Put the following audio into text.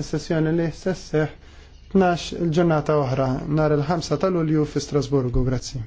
s-sessjoni li s-sesseħ 12 il-ġurnata oħra nar il-5 tal-Ulju fi Strasburgu. Grazzi.